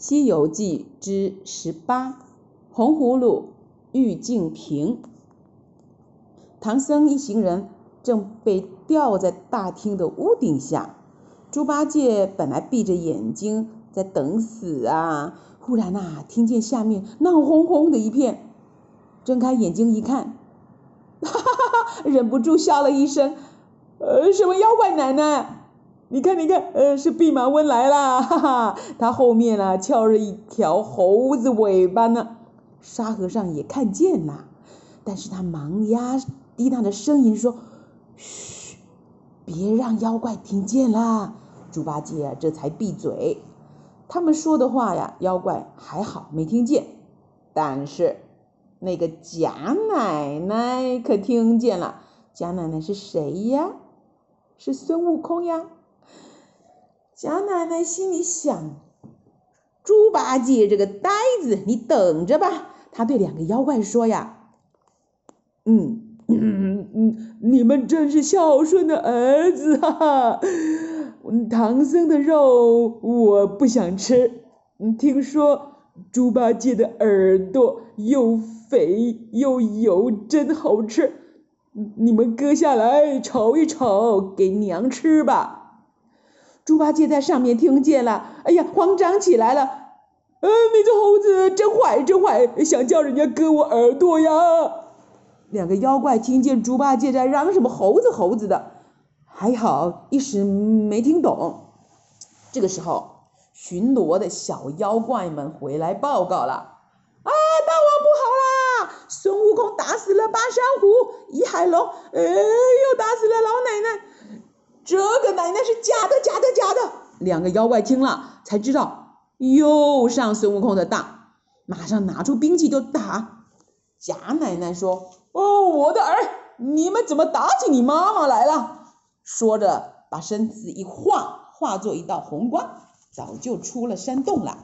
《西遊記》之十八，紅葫蘆，玉淨瓶，唐僧一行人正被吊在大廳的屋頂下。豬八戒本來閉着眼睛在等死啊，忽然吶、啊，聽見下面鬧哄哄的一片，睜開眼睛一看，哈哈哈哈，忍不住笑了一聲，呃，什麼妖怪奶奶？你看，你看，呃，是弼馬溫來啦，哈哈，他後面呢、啊，翹着一條猴子尾巴呢。沙和尚也看見啦，但是他忙呀，壓低他的聲音說：“噓，別讓妖怪聽見啦。”豬八戒、啊、這才閉嘴。他們說的話呀，妖怪還好沒聽見，但是那個賈奶奶可聽見了。賈奶奶是誰呀？是孫悟空呀。小奶奶心裡想：“豬八戒這個呆子，你等着吧！”他對兩個妖怪說：“呀，嗯嗯嗯，你們真是孝順的兒子，哈哈！唐僧的肉我不想吃，聽說豬八戒的耳朵又肥又油，真好吃。你們割下來炒一炒，給娘吃吧。”豬八戒在上面聽見了，哎呀，慌張起來了。嗯、呃，你這猴子真壞，真壞，想叫人家割我耳朵呀！兩個妖怪聽見豬八戒在嚷什麼“猴子，猴子”的，還好一時沒聽懂。這個時候，巡邏的小妖怪們回來報告了：啊，大王不好啦！孫悟空打死了巴山虎，倚海龍，呃、哎，又打死了老奶奶。這個奶奶是假的，假的，假的！兩個妖怪聽了才知道，又上孫悟空的當，馬上拿出兵器就打。假奶奶說：“哦，我的兒，你們怎麼打起你媽媽來了？”說着，把身子一晃，化作一道紅光，早就出了山洞了。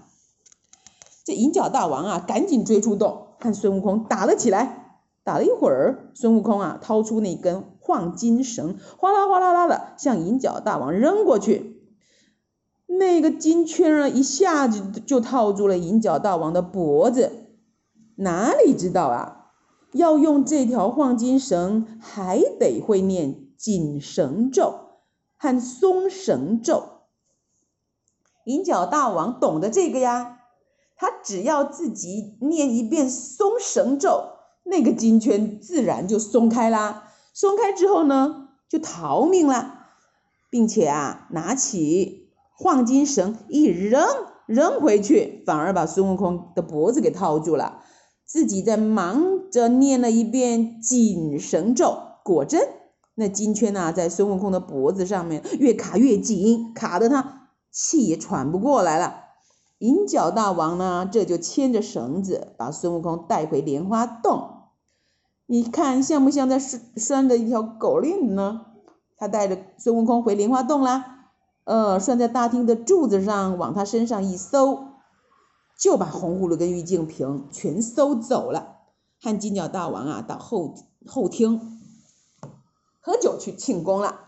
這銀角大王啊，趕緊追出洞，看孫悟空打了起來。打了一會兒，孫悟空啊，掏出那根幌金繩，嘩啦嘩啦啦的向銀角大王扔過去。那個金圈兒一下子就套住了銀角大王的脖子。哪裡知道啊，要用這條幌金繩，還得會念緊繩咒和鬆繩咒。銀角大王懂得這個呀，他只要自己念一遍鬆繩咒。那個金圈自然就鬆開啦，鬆開之後呢，就逃命啦，並且啊，拿起晃金繩一扔，扔回去，反而把孫悟空的脖子給套住了。自己在忙着念了一遍緊繩咒，果真那金圈啊，在孫悟空的脖子上面越卡越緊，卡得他氣也喘不過來了。銀角大王呢，這就牽着繩子把孫悟空帶回蓮花洞。你看像不像在拴、拴着一條狗鏈呢？他帶着孫悟空回蓮花洞啦，呃，拴在大廳的柱子上，往他身上一搜，就把紅葫蘆跟玉淨瓶全搜走了。和金角大王啊，到後後廳喝酒去慶功了。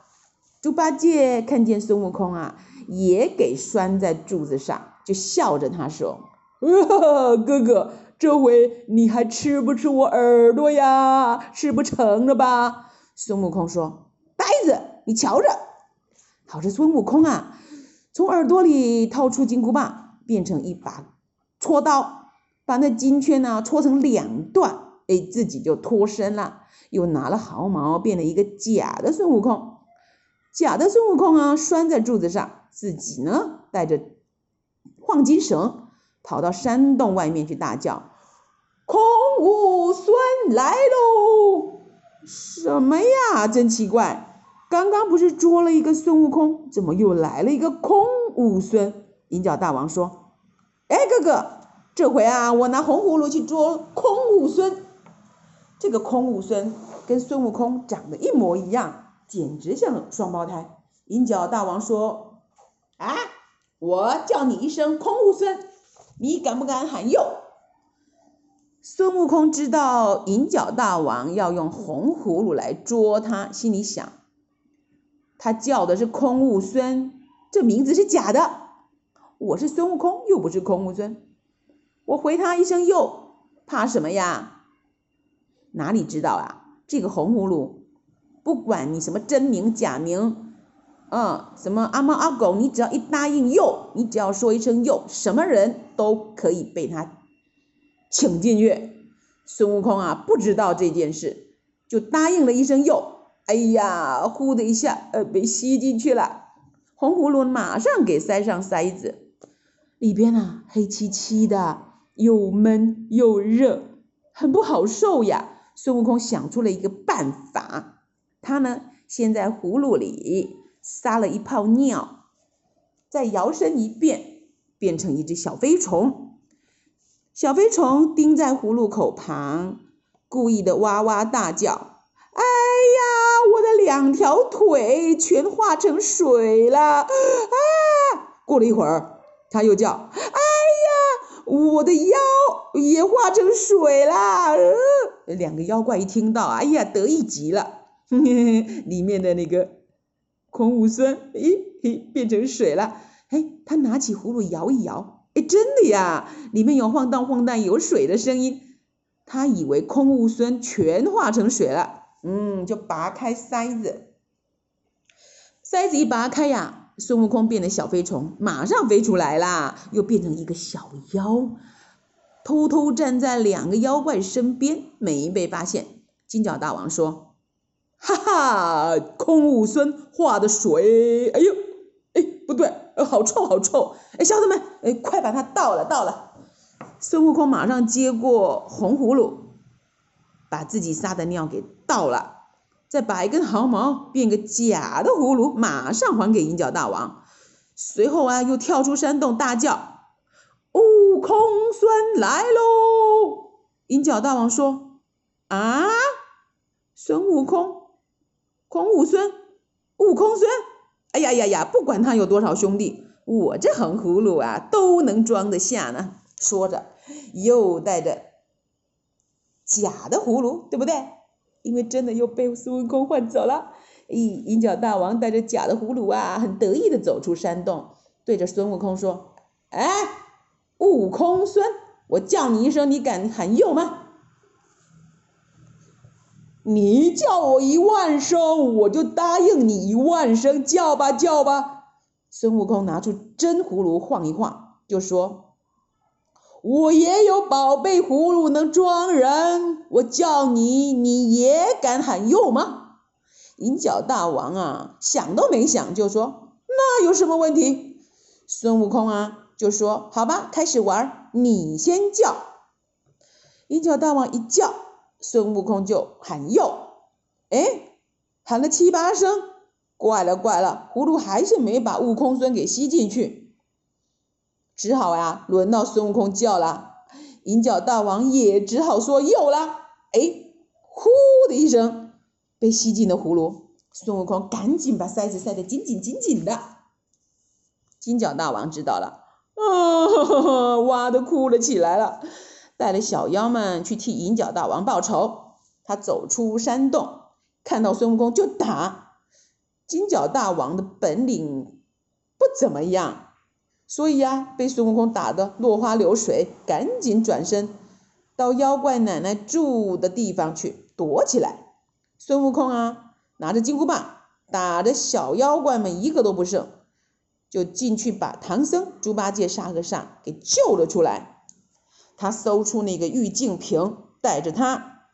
豬八戒看見孫悟空啊，也給拴在柱子上，就笑着他說。呃，呵呵，哥哥，這回你還吃不吃我耳朵呀？吃不成了吧？孫悟空說：“獃子，你瞧着。”好，是孫悟空啊，從耳朵裡掏出金箍棒，變成一把銼刀，把那金圈呢銼成兩段，哎，自己就脫身了。又拿了毫毛，變了一個假的孫悟空。假的孫悟空啊，拴在柱子上，自己呢帶着幌金繩。跑到山洞外面去大叫：“空悟孫來嘍！”什麼呀，真奇怪！剛剛不是捉了一個孫悟空，怎麼又來了一個空悟孫？銀角大王說：“哎，哥哥，這回啊，我拿紅葫蘆去捉空悟孫。這個空悟孫跟孫悟空長得一模一樣，簡直像雙胞胎。”銀角大王說：“啊，我叫你一聲空悟孫。”你敢不敢喊又？孫悟空知道銀角大王要用紅葫蘆來捉他，心裡想：他叫的是空悟孫，這名字是假的，我是孫悟空，又不是空悟孫。我回他一聲又，怕什麼呀？哪裡知道啊？這個紅葫蘆，不管你什麼真名假名。嗯，什麼阿貓阿狗，你只要一答應又，你只要說一聲又，什麼人都可以被他請進去。孫悟空啊，不知道這件事，就答應了一聲又，哎呀，呼的一下，呃，被吸進去了。紅葫蘆馬上給塞上塞子，裡邊啊，黑漆漆的，又悶又熱，很不好受呀。孫悟空想出了一個辦法，他呢，先在葫蘆裡。撒了一泡尿，再搖身一變，變成一隻小飛蟲。小飛蟲盯在葫蘆口旁，故意的哇哇大叫：“哎呀，我的兩條腿全化成水了！”啊！過了一會兒，他又叫：“哎呀，我的腰也化成水啦！”兩個妖怪一聽到，哎呀，得意極了。 裡面的那個。空悟孫，咦，變成水了。嘿，他拿起葫蘆搖一搖，哎，真的呀，裡面有晃蕩晃蕩，蕩有水的聲音。他以為空悟孫全化成水了，嗯，就拔開塞子。塞子一拔開呀、啊，孫悟空變的小飛蟲馬上飛出來啦，又變成一個小妖，偷偷站在兩個妖怪身邊，沒被發現。金角大王說。哈哈，空悟孫畫的水，哎呦，哎，不對，好臭，好臭！哎，小子們，哎，快把它倒了，倒了！孫悟空馬上接過紅葫蘆，把自己撒的尿給倒了，再把一根毫毛變個假的葫蘆，馬上還給銀角大王。隨後啊，又跳出山洞，大叫：“悟空孫來嘍！”銀角大王說：“啊，孫悟空。”空悟孫，悟空孫，哎呀呀呀！不管他有多少兄弟，我這紅葫蘆啊都能裝得下呢。說着，又帶着假的葫蘆，對不對？因為真的又被孫悟空換走了。咦，銀角大王帶着假的葫蘆啊，很得意的走出山洞，對着孫悟空說：“哎，悟空孫，我叫你一聲，你敢喊有嗎？”你叫我一萬聲，我就答應你一萬聲，叫吧，叫吧！孫悟空拿出真葫蘆晃一晃，就說：“我也有寶貝葫蘆能裝人，我叫你，你也敢喊又嗎？”銀角大王啊，想都沒想就說：“那有什麼問題？”孫悟空啊，就說：“好吧，開始玩，你先叫。”銀角大王一叫。孫悟空就喊又，哎，喊了七八聲，怪了怪了，葫蘆還是沒把悟空孫給吸進去，只好呀，輪到孫悟空叫了，銀角大王也只好說又了，哎，呼的一聲，被吸進了葫蘆，孫悟空趕緊把塞子塞得緊緊緊緊的，金角大王知道了，啊，呵呵，哇，都哭了起來了。帶着小妖們去替銀角大王報仇。他走出山洞，看到孫悟空就打。金角大王的本領不怎麼樣，所以呀、啊，被孫悟空打得落花流水，趕緊轉身到妖怪奶奶住的地方去躲起來。孫悟空啊，拿着金箍棒，打的小妖怪們一個都不剩，就進去把唐僧、豬八戒、沙和尚給救了出來。他搜出那個玉淨瓶，帶着他，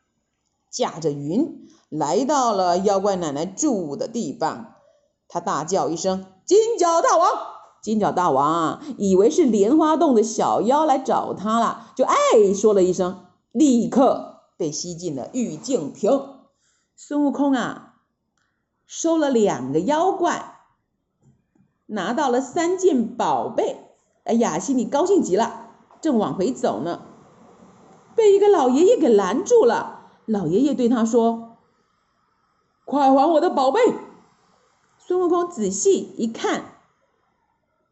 駕着雲，來到了妖怪奶奶住的地方。他大叫一聲：“金角大王！”金角大王啊，以為是蓮花洞的小妖來找他了，就哎說了一聲，立刻被吸進了玉淨瓶。孫悟空啊，收了兩個妖怪，拿到了三件寶貝，哎呀，心裡高興極了。正往回走呢，被一個老爺爺給攔住了。老爺爺對他說：“快還我的寶貝！”孫悟空仔細一看，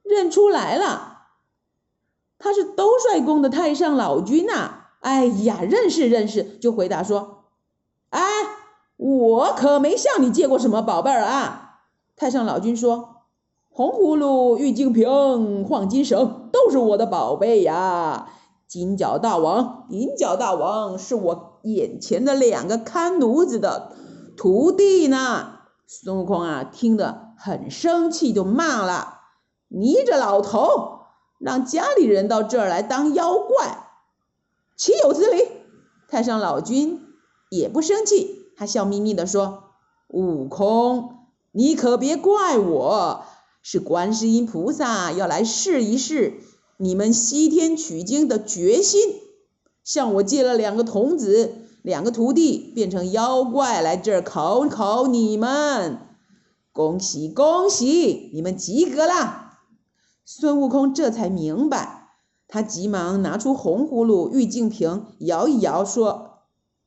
認出來了，他是兜率宮的太上老君吶、啊。哎呀，認識認識，就回答說：“哎，我可沒向你借過什麼寶貝兒啊！”太上老君說。紅葫蘆、玉淨瓶、黃金繩都是我的寶貝呀！金角大王、銀角大王是我眼前的兩個看爐子的徒弟呢。孫悟空啊，聽得很生氣，就罵了：“你這老頭，讓家裡人到這兒來當妖怪，豈有此理！”太上老君也不生氣，他笑眯眯地說：“悟空，你可別怪我。”是觀世音菩薩要來試一試你們西天取經的決心，向我借了兩個童子、兩個徒弟，變成妖怪來這兒考考你們。恭喜恭喜，你們及格了。孫悟空這才明白，他急忙拿出紅葫蘆、玉淨瓶，搖一搖，說：“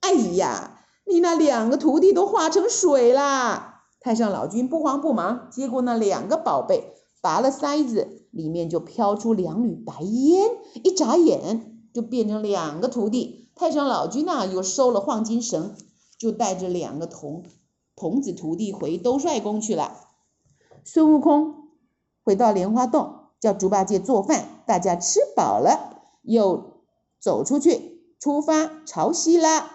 哎呀，你那兩個徒弟都化成水啦。”太上老君不慌不忙接過那兩個寶貝，拔了塞子，裡面就飄出兩縷白煙，一眨眼就變成兩個徒弟。太上老君呢，又收了黃金繩，就帶着兩個童童子徒弟回兜率宮去了。孫悟空回到蓮花洞，叫豬八戒做飯，大家吃飽了，又走出去，出發朝西啦。